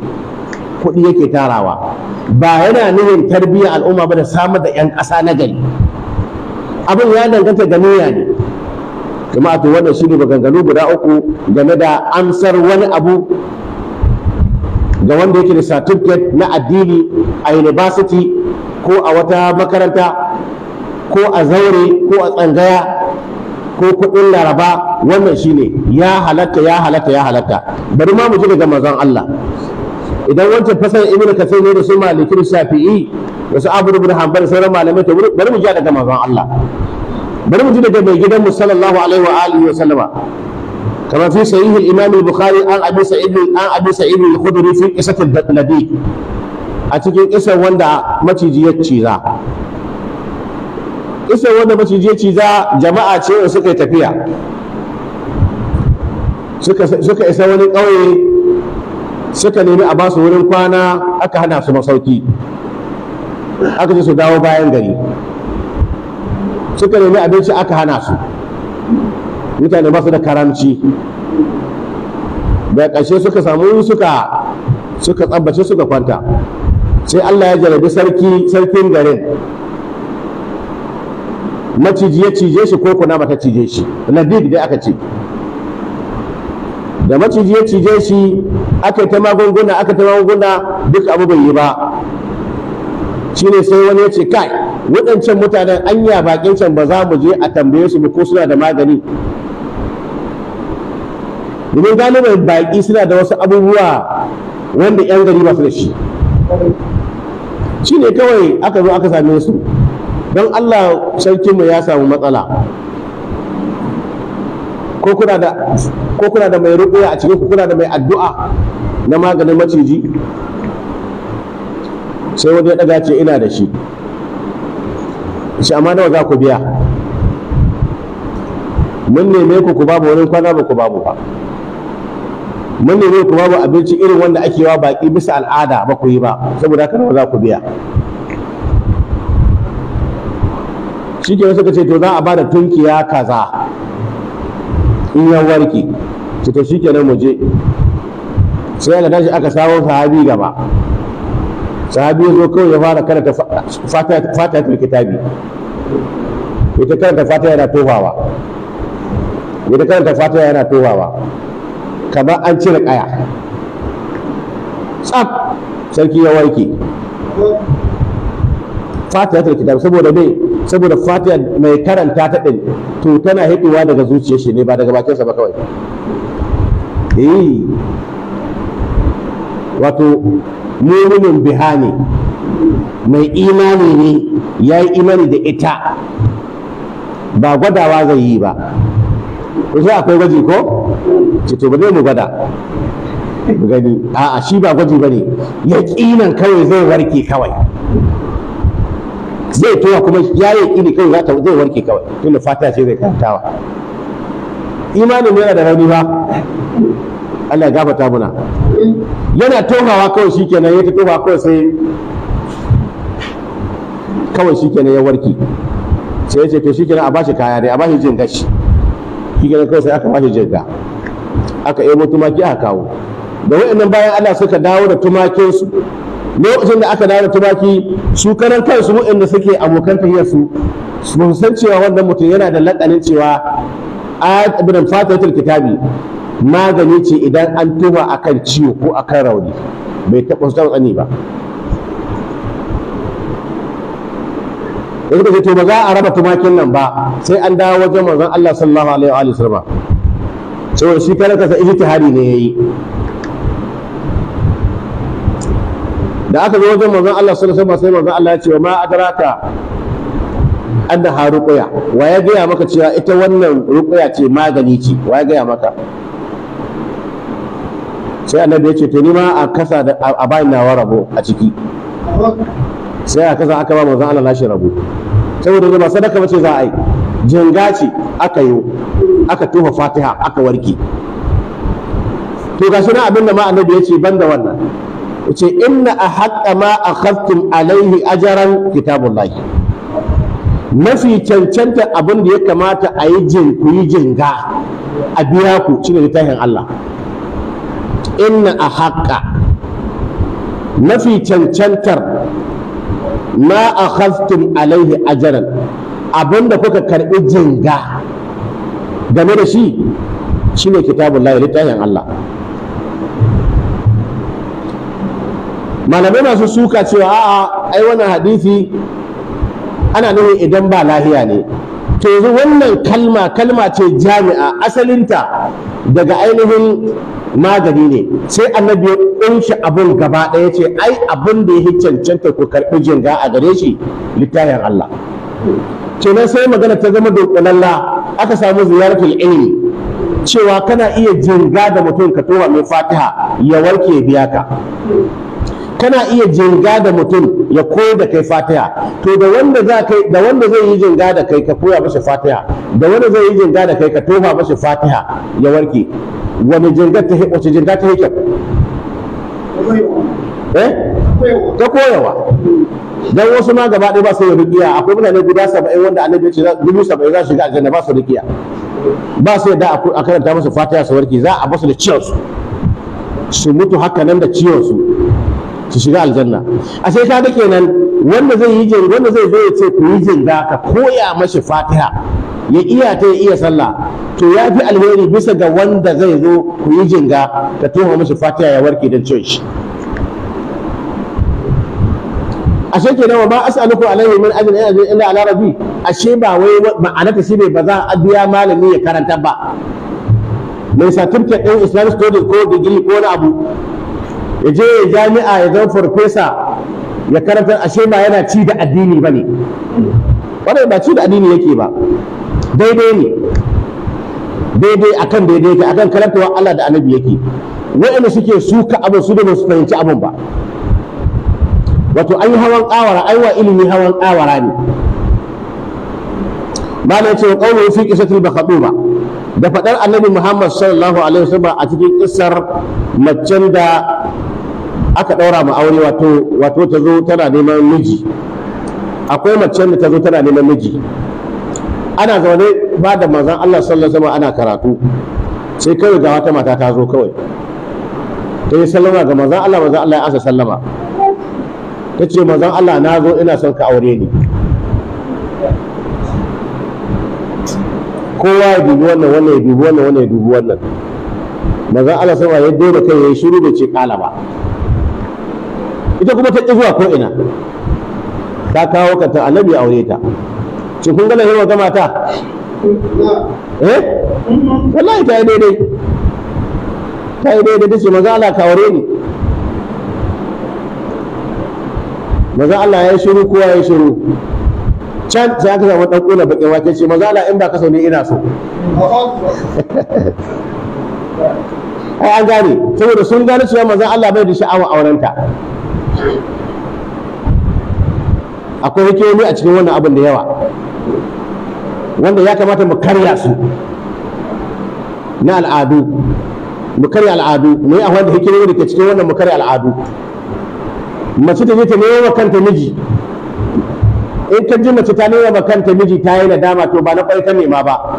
kuɗi yake tarawa ba yana nufin tarbiyyar al'umma ba da samar da 'yan ƙasa na gari abin ya danganta ga niyya ne jama'a to wannan ne maganganu guda uku game da amsar wani abu ga wanda yake da certificate na addini a university ko a wata makaranta ko a zaure ko a tsangaya ko kuɗin laraba wannan shine ya halatta ya halatta ya halatta bari ma mu ji daga manzon Allah idan wancan fasar ibnu kasir ne da su malikin shafi'i da su abu ibn hanbal sauran malamai to bari mu ji daga manzon Allah bari mu ji daga mai gidan mu sallallahu alaihi wa alihi wa sallama كما في صحيح الامام البخاري عن ابي سعيد عن ابي سعيد الخدري في قصه النبي a cikin ƙisar wanda maciji ya ciza kusa wanda macije ciza jama'a ce suka yi tafiya suka isa wani ƙauye suka nemi a basu wurin kwana aka hana su masauki aka ce su dawo bayan gari suka nemi abinci aka hana su mutane ba su da karamci da ƙarshe suka samu suka suka tsabbace suka kwanta sai Allah ya jarabi sarki sarkin garin maciji ya cije shi ko kuna mata cije shi dig dai aka ce da maciji ya cije shi aka ta magunguna aka ta magunguna duk abu bai yi ba shine sai wani ya ce kai waɗancan mutanen anya bakin can ba za mu je a tambaye su ko suna da magani domin galiban baƙi suna da wasu abubuwa wanda 'yan gari ba su da shi shi ne kawai aka zo aka same su don Allah sarkinmu ya samu matsala ko kuna da mai rukuya a cikin kuna da mai addu'a na maganin maciji sai wani ya ɗaga ce ina da shi shi amma nawa za ku biya mun neme ku ku babu wani kwana ba ku babu ba mun neme ku babu abinci irin wanda ake wa baƙi bisa al'ada ba ku yi ba saboda haka nawa za ku biya shi ke suka ce to za a bada tunkiya kaza in ya warke ce to shi mu je sai aka tashi aka samu sahabi gaba sahabi ya zo kawai ya fara karanta fata ta kitabi ita karanta fata yana tofawa ita karanta fata yana tofawa kamar an cire kaya tsaf sarki ya warke fata ta kitabi saboda me saboda fatiyar mai karanta ta ɗin to tana hitowa daga zuciyar shi ne ba daga bakinsa ba kawai eh wato muminin biha ne mai imani ne ya yi imani da ita ba gwadawa zai yi ba kusa akwai gwaji ko cito ba mu gwada gani a'a shi ba gwaji ba ne yaƙinan kawai zai warke kawai zai towa kuma ya yi ini kawai za ta zai warke kawai tunda fata ce zai kantawa imanin yana da rauni ba Allah ya gafarta muna yana tohawa kawai shikenan ya ta tohawa kawai sai kawai shikenan ya warke sai ya ce to shikenan a bashi kaya dai a bashi jin gashi shikenan kawai sai aka bashi jirga aka yi tumaki aka kawo da wa'annan bayan Allah suka dawo da tumakinsu lokacin da aka dawo tumaki su karan kansu waɗanda suke abokan tahiyar su su san cewa wannan mutum yana da lakanin cewa ibn fatatul kitabi magani ce idan an tuma akan ciwo ko akan rauni bai taɓa su tsani ba yanzu kace to ba za a raba tumakin nan ba sai an dawo wajen manzon Allah sallallahu alaihi wa sallam saboda shi karan kansa ijtihadi ne yayi da aka zo wajen manzon Allah sallallahu alaihi wasallam sai manzon Allah ya ce ma adraka annaha ruqya wa ya gaya maka cewa ita wannan ruqya ce magani ce wa ya gaya maka sai annabi ya ce to ni ma a kasa da a bayin na rabo a ciki sai a kasa aka ba manzon Allah nashi rabo saboda ba sadaka bace za a yi jinga ce aka yi aka tofa fatiha aka warke to gashi na abin da ma annabi ya ce ban da wannan yace inna a haƙa ma a khaftun alaihi ajaran kitabullahi mafi cancanta abin da ya kamata a yi jin jin ga, a biya ku ne littafin Allah inna a haƙa mafi cancantar ma a khaftun alaihi ajaran abin da kuka karɓi jin ga, game da shi shi ne kitabun kitabullahi littafin Allah malamai masu suka cewa a'a ai wannan hadisi ana nufin idan ba lahiya ne to yanzu wannan kalma kalma ce jami'a asalinta daga ainihin magani ne sai annabi ya kunshi abun gaba ɗaya ce ai abin da ya cancanta ku karɓi jinga a gare shi littafin Allah kenan sai magana ta zama dunkulalla aka samu ziyaratul ilmi cewa kana iya jinga da mutum ka tura mai fatiha ya warke biya ka kana iya jinga da mutum ya koyar da kai fatiha to da wanda za kai da wanda zai yi jinga da kai ka koya masa fatiha da wanda zai yi jinga da kai ka tofa masa fatiha ya warke wani jinga ta wace jinga ta kyau eh ta koyawa dan wasu ma gaba ɗaya ba su rukiya akwai mutane guda 70 wanda annabi ya ce dubu 70 za su shiga aljanna ba su rukiya ba su yadda a karanta musu fatiha su warke za a basu da ciwon su su mutu haka nan da ciwon su su shiga aljanna A ka ga kenan wanda zai yi jin wanda zai zo ya ce ku yi jinga ka koya mashi fatiha ya iya ta ya iya sallah to ya fi alheri bisa ga wanda zai zo ku yi jinga ka tuha mashi fatiha ya warke don ciwon shi shi kenan wa ba as'aluku alaihi min ajrin in ajrin illa larabi a ashe ba wai ta shi ne ba za a biya malami ya karanta ba mai satirke ɗin islamic studies ko digiri ko na abu ya je ya jami'a ya zama farfesa ya karanta ashe ba yana ci da addini ba ne wannan ba ci da addini yake ba daidai ne daidai akan daidai yake akan karantarwa Allah da annabi yake waɗanda suke suka abin su da ba su fahimci abin ba wato an yi hawan kawara an wa ilimi hawan kawara ne ba na ce ƙaunar fi ƙisatul ba da faɗar annabi muhammad sallallahu alaihi wasallam a cikin ƙisar macen da aka ɗaura ma aure wato ta zo tana neman miji akwai mace da ta zo tana neman miji ana zaune ba da mazan Allah sallallahu alaihi ana karatu sai kawai ga wata mata ta zo kawai ta yi sallama ga mazan Allah mazan Allah ya ansa sallama ta ce mazan Allah na zo ina son ka aure ni kowa ya dubi wannan wannan ya dubi wannan wannan ya dubi wannan mazan Allah sama ya da kai ya shiru da ce kalaba ba ita kuma ta ƙi zuwa ko ina ta kawo ka annabi ya aure ta Shin kun gala hirwa ga mata eh wallahi ta yi daidai ta yi daidai ta ce maza Allah ka aure ni maza Allah ya yi shiru kowa ya yi shiru can sai aka samu dan kula bakin wake ce maza Allah in ba ka sauni ina so ai an gane saboda sun gane cewa maza Allah bai da sha'awa aurenta akwai hikimomi a cikin wannan abin da yawa wanda ya kamata mu karya su na al'adu mu karya al'adu mu yi a wanda hikimomi da ke cikin wannan mu karya al'adu mace ta je ta nema kanta miji in ka ji mace ta nema kanta miji ta yi nadama to ba na kwai ta nema ba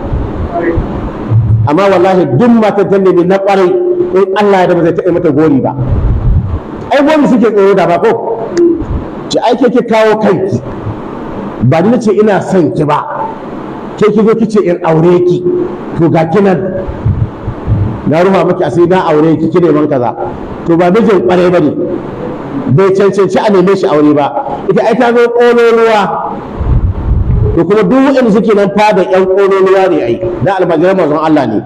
amma wallahi duk matan ta nemi na kwarai in Allah ya da zai taɓa mata gori ba abubuwan da suke tsoro da ba ko ce ai ke kawo kanki ba ni ce ina son ki ba ke ki zo ki ce in aure ki to ga kinan na rufa maki sai na aure ki ki neman kaza to ba mijin kware ba ne bai cancanci a neme shi aure ba ita ai ta zo ruwa? to kuma duk waɗanda suke nan fada ƴan ruwa ne ai na almajiran mazan Allah ne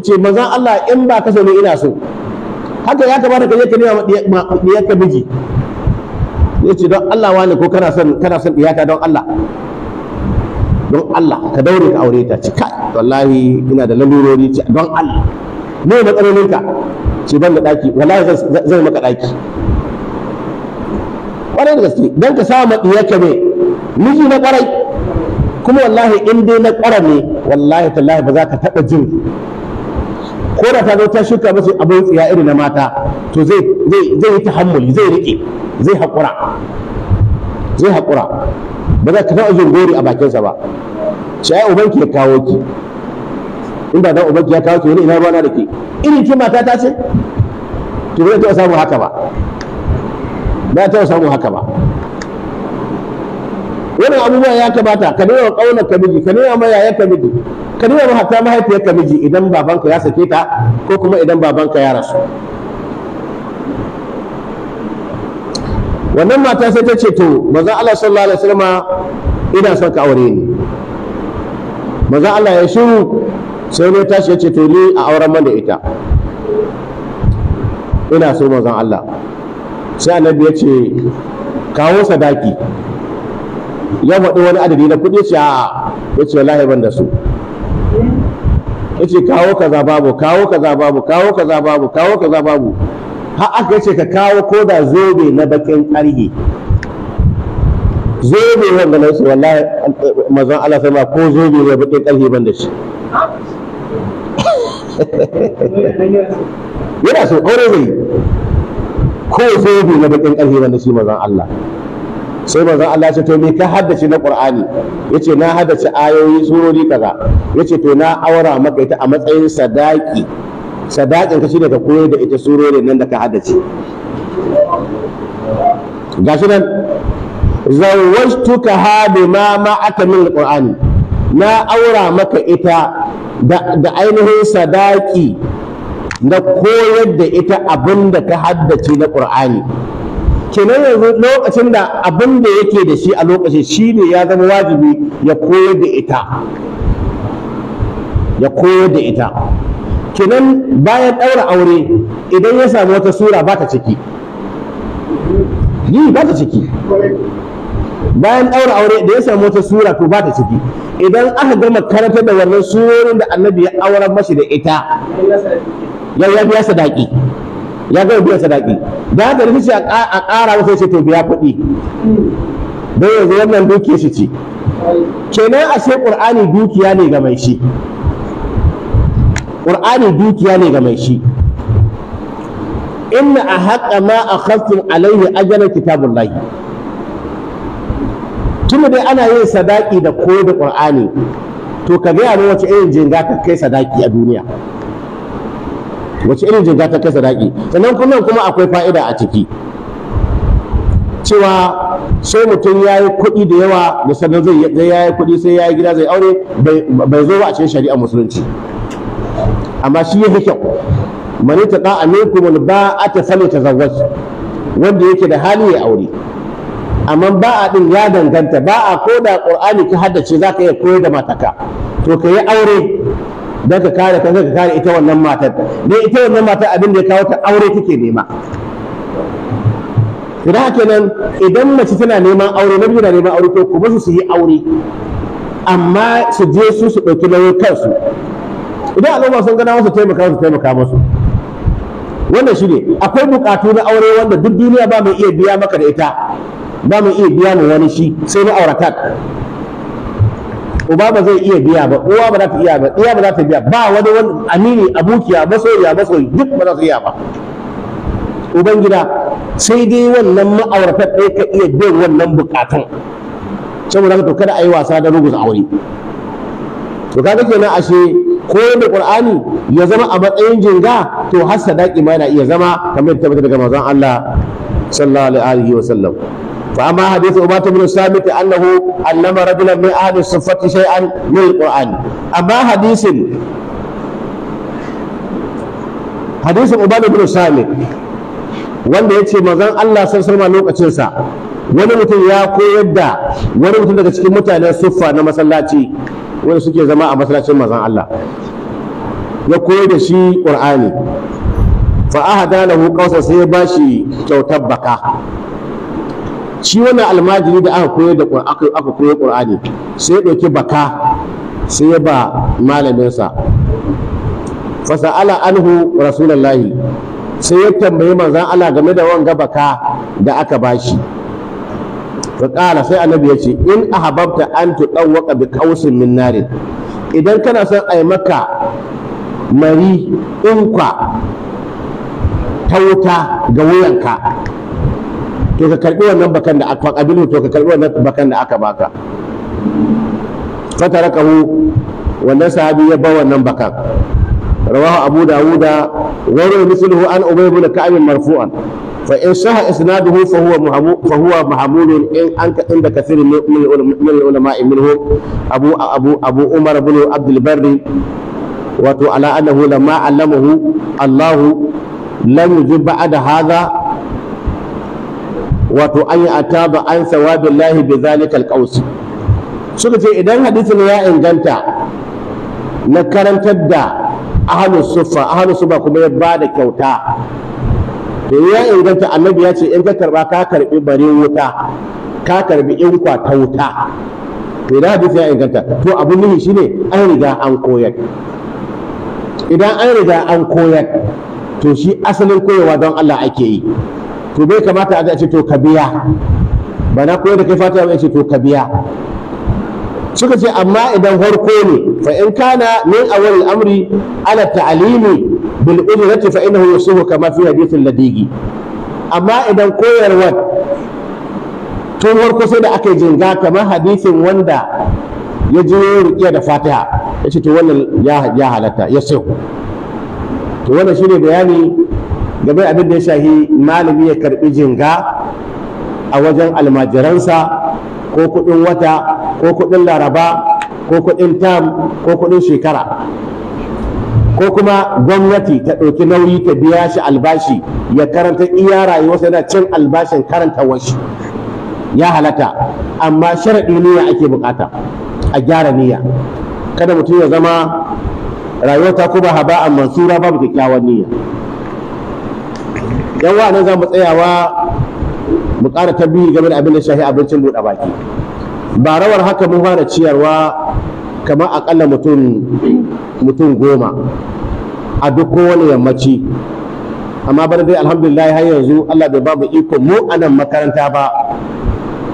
ce mazan Allah in ba ka ne ina so haka ya kamata ka yi ka nema diyarka miji ya ce don Allah wani ko kana son kana son diyata don Allah don Allah ka daure ka aure ta cika wallahi ina da lalurori don Allah me matsalolinka Ci ban da daki wallahi zai maka daki kwarai da gaske don ka samu diyarka ne miji na kwarai kuma wallahi in dai na kwara ne wallahi tallahi ba za ka taɓa jin ko da ta zo ta shuka masu abin tsiya irin na mata to zai yi tahammuli zai rike zai haƙura zai haƙura ba za ka taɓa zungori a bakinsa ba shi ai ubanki ya kawo ki inda dan ubanki ya kawo ki wani ina ruwana da ke irin ki mata ta ce to ba zai ta samun haka ba ba ta haka ba wannan abubuwa ya kamata ka nuna ƙaunar ka miji ka nuna ma yaya ka miji ka nuna ma mahaifiyar ka miji idan babanka ya sake ta ko kuma idan babanka ya rasu wannan mata sai ta ce to maza Allah sallallahu alaihi wasallam ina son ka aure ni maza Allah ya shiru sai ne tashi ya ce to ni a auren man da ita ina so mazan Allah sai annabi ya ce kawo sadaki ya faɗi wani adadi na kuɗi ce a ya ce wallahi ban da su ya ce kawo kaza babu kawo kaza babu kawo kaza babu kawo kaza babu har aka ce ka kawo ko da zobe na bakin ƙarhe zobe wanda na ce wallahi mazan Allah sai ma ko zobe na bakin ƙarhe ban da shi yana so aure zai ko zobe na bakin ƙarhe ban da shi mazan Allah sai manzon Allah ya ce to me ka haddace na Qur'ani yace na haddace ayoyi surori kaza yace to na aura maka ita a matsayin sadaki sadakin ka shine ka koyar da ita surorin nan da ka haddace gashi nan zawwajtuka ha bima ma aka min alqur'ani na aura maka ita da, da ainihin sadaki na koyar da ita abin da ka haddace na qur'ani kenan yanzu lokacin da abin da yake da shi a lokacin shi ne ya zama wajibi ya koyar da ita ya koyar da ita kenan bayan ɗaura aure idan ya samu wata sura ba ta ciki yi ba ta ciki bayan ɗaura aure da ya samu wata sura to ba ta ciki idan aka gama karanta da wannan surorin da annabi ya aurar mashi da ita yayyafi ya sadaki ya gama biyan sadaki da haka da shi a ƙara masa ce to biya kuɗi don yanzu wannan dukiya shi ce kenan ashe ƙur'ani dukiya ne ga mai shi ƙur'ani dukiya ne ga mai shi inna a haƙa ma a khaftin alaihi ajalar kitabun lahi tunda dai ana yin sadaki da ko da ƙur'ani to ka gaya min wace irin jinga ka kai sadaki a duniya wace irin jinga ta kai sadaki sannan kuma kuma akwai fa'ida a ciki cewa sai mutum ya yi kuɗi da yawa da sannan zai ya yi kuɗi sai ya yi gida zai aure bai zo ba a cikin shari'a musulunci amma shi ya kyau mani ta ɗa'a kuma ba a ta sani ta zawwaj wanda yake da hali ya aure amma ba a ɗin ya danganta ba a ko da ƙur'ani ka haddace za ka iya koyar da mataka to ka yi aure don ka kare kanka ka kare ita wannan matar dai ita wannan matar abin da ya kawo ta aure take nema da haka nan idan mace tana neman aure na biyu na neman aure ko kuma su yi aure amma su je su su ɗauki nauyin kansu idan al'umma sun gana wasu taimaka su taimaka musu wannan shi ne akwai bukatu na aure wanda duk duniya ba mai iya biya maka da ita ba mai iya biya mu wani shi sai na aurata uba ba zai iya biya ba uwa ba za ta iya ba iya ba za ta biya ba wani wani amini abokiya masoyiya masoyi duk ba za su iya ba ubangida sai dai wannan ma'aurata ɗaya ka iya bin wannan bukatun saboda to kada a yi wasa da rugu aure to kaga kenan ashe ko da qur'ani ya zama a matsayin jinga to har sadaki ma yana iya zama kamar tabbata daga manzon Allah sallallahu alaihi wa sallam فأما حديث أمة بن الثابت أنه علم رجلا من أهل الصفة شيئا من القرآن أما حديث حديث أمة بن الثابت wanda ya ce manzon Allah sun salma lokacinsa wani mutum ya koyar da wani mutum daga cikin mutanen suffa na masallaci wanda suke zama a masallacin manzon Allah ya koyar da shi Qur'ani fa ahada lahu qawsa sai ya bashi kyautar baka shi wannan almajiri da aka koyar da aka koyar qur'ani sai ya ɗauki baka sai ya ba malaminsa fasa'ala anhu rasulullahi sai ya tambayi manzon Allah game da wanga baka da aka bashi fa qala sai annabi ya ce in ahabbta an tudawwaqa bi qausin min nar idan kana son ai maka mari ɗinka ta wuta ga wuyanka to ka karbi wannan bakan da aka kabilu to ka karbi wannan bakan da aka baka fatara ka hu wannan sahabi ya ba wannan bakan rawahu abu dawuda wa rawi misluhu an ubay ibn ka'ab marfu'an fa in sahha isnaduhu fa huwa mahmud fa huwa mahmud in an ka inda kathir min ulama minhu abu abu abu umar ibn abd al wato ala annahu lamma allamahu allah lam yujib ba'da hadha wato an yi ataba an sawabillahi bi zalikal qaus suka ce idan hadisin ya inganta na karantar da ahlus sufa sufa kuma ya bada kyauta to ya inganta annabi ya ce in ka karba ka karbi bari wuta ka karbi in kwa ta wuta to idan hadisi ya inganta to abun nuhi shine an riga an koyar idan an riga an koyar to shi asalin koyarwa don Allah ake yi to bai kamata a ce to ka biya ba na koyar da kai fatiha ba ce to ka biya suka ce amma idan harko ne fa in kana min awal amri ala ta'limi bil ujrati fa innahu yusuhu kama fi hadithin ladigi amma idan koyarwar tun harko sai da aka yi jinga kamar hadisin wanda ya je ya da fatiha ya ce to wannan ya halatta ya sahu to wannan shine bayani game abin da ya shahi malami ya karbi jinga a wajen almajiransa ko kudin wata ko kudin laraba ko kudin tam ko kudin shekara ko kuma gwamnati ta ɗauki nauyi ta biya shi albashi ya karanta iya rayuwarsa yana cin albashin karanta wasu ya halata amma sharaɗi niyya ake bukata a gyara niyya kada mutum ya zama rayuwa ta kuma a mansura babu kyakkyawan niyya yan wa nan za mu tsayawa mu ƙara tambayi game da abin da shafi abincin buɗe baki ba rawar haka mun fara ciyarwa kamar aƙalla mutum mutum goma a duk kowane yammaci amma bana dai alhamdulillah har yanzu Allah bai ba mu iko mu a nan makaranta ba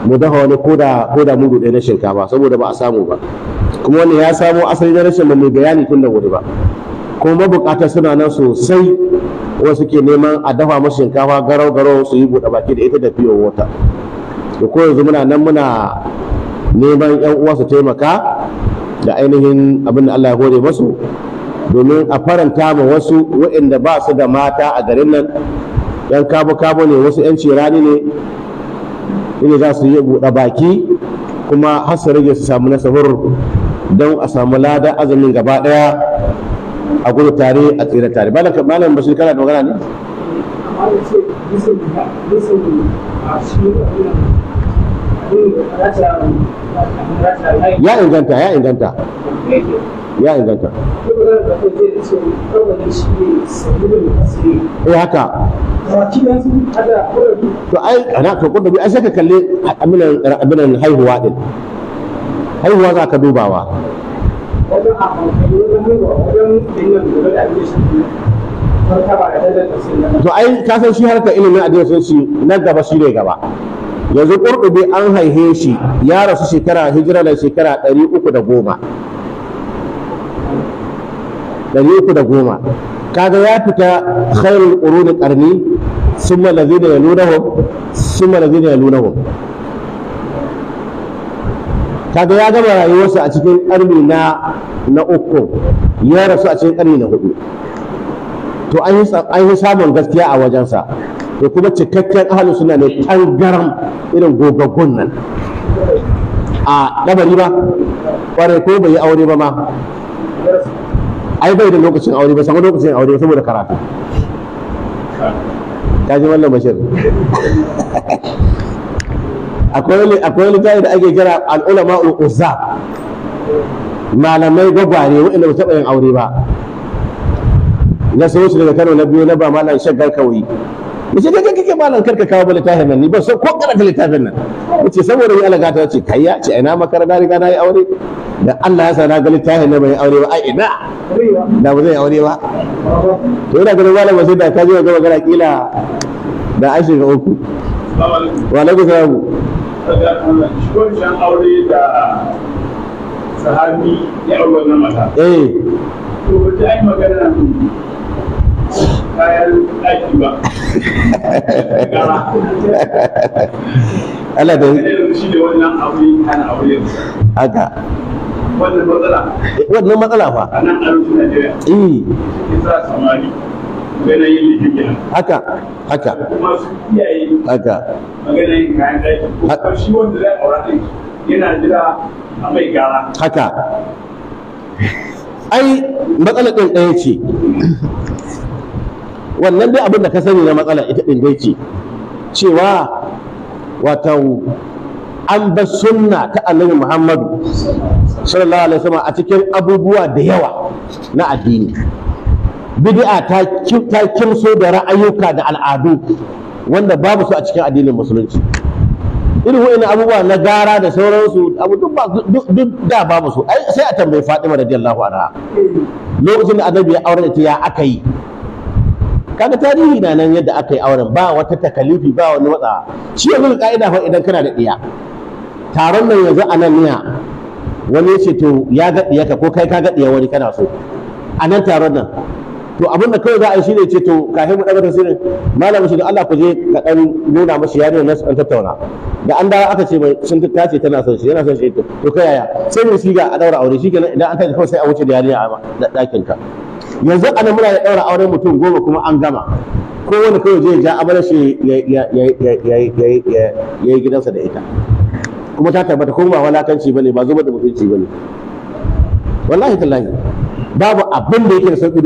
mu dafa wani koda koda mudu ɗaya na shinkafa saboda ba a samu ba kuma wani ya samo asali na rashin mai bayani tun da wuri ba kuma mabukatar suna nan sosai wasu suke neman a dafa musu shinkafa garau garau su yi buɗe baki da ita da fiyo wata da ko yanzu muna nan muna neman yan uwa su taimaka da ainihin abin da Allah ya hore masu domin a faranta ma wasu waɗanda ba su da mata a garin nan yan kabo kabo ne wasu yan cirani ne ina za su yi buɗe baki kuma har rage su samu nasahur don a samu lada azumin gaba ɗaya a gudu tare a tsira tare malam bashir kana da magana ne ya inganta ya inganta ya inganta eh haka to ai ana ka kudu ai sai ka kalle aminan haihuwa din haihuwa za ka dubawa to ai ka san shi harkar ilimin addinin shi na gaba shi ne gaba yanzu qurtubi an haihe shi ya rasu shekara hijira da shekara 310 kaga ya fita khairul quruni qarni summa alladhina yalunahum summa alladhina yalunahum kaga ya gama rayuwarsa a cikin ƙarni na na uku ya rasu a cikin ƙarni na hudu to an yi samun gaskiya a wajensa to kuma cikakken ahalin suna ne tangaram irin gogaggun nan a ɗabari ba ƙwarai ko bai yi aure ba ma ai bai da lokacin aure ba samu lokacin aure saboda karatu ta ji wannan bashir akwai littafi da ake kira al'ulama ul'uzza malamai gwagware waɗanda ba taɓa yin aure ba na sai su daga kano na biyu na ba malam shagar kawai yace kai kake malam karka kawo ba littafin nan ni ba so ko karanta littafin nan yace saboda ni alaga ta ce kayya ce ina makara na riga na yi aure da Allah ya sa na ga littafin nan bai aure ba ai ina da ba zai aure ba to ina ganin malam ba sai da ka je ga magana kila da an shiga uku wa alaikum salam shugabancin aure da sahabi ya aure na mata. Eh. To, wata ai magana kayan ɗaki ba. Allah da shi da wannan aure ana aure. Haka. Wannan matsala. Wannan matsala fa. A nan arewacin Najeriya. Eh. Ke sa samari. haka haka haka haka ai matsalar ɗin ɗaya ce wannan dai abin da ka sani na matsala ita ɗin dai ce cewa wato an ba sunna ta annabi muhammadu sallallahu alaihi wasallam a cikin abubuwa da yawa na addini bid'a ta ta kimso da ra'ayuka da al'adu wanda babu su a cikin addinin musulunci irin wa'in abubuwa na gara da sauransu abu duk da babu su ai sai a tambayi Fatima radiyallahu anha lokacin da annabi ya aure ta ya aka yi kaga tarihi na nan yadda aka yi auren ba wata takalifi ba wani matsa shi yanzu ka'ida fa idan kana da ɗiya taron nan yanzu a nan niya wani ya ce to ya ga ka? ko kai ka ga ɗiya wani kana so a nan taron nan to abinda kawai za a yi shine ce to kafin mu daga tasirin malamin shi da Allah ku je ka dan nuna mashi yarinyar nasu an tattauna da an dawo aka ce mai sun ta ce tana son shi yana son shi to to kai yaya sai mu shiga a daura aure shikenan idan an kai kawai sai a wuce da yarinya a dakin ka yanzu a nan muna da daura auren mutum goma kuma an gama Ko wani kawai je ja amalar shi ya yi gidansa da ita kuma ta tabbata ko ba walakanci bane ba zubar da mutunci bane wallahi tallahi babu abin da yake da sauƙi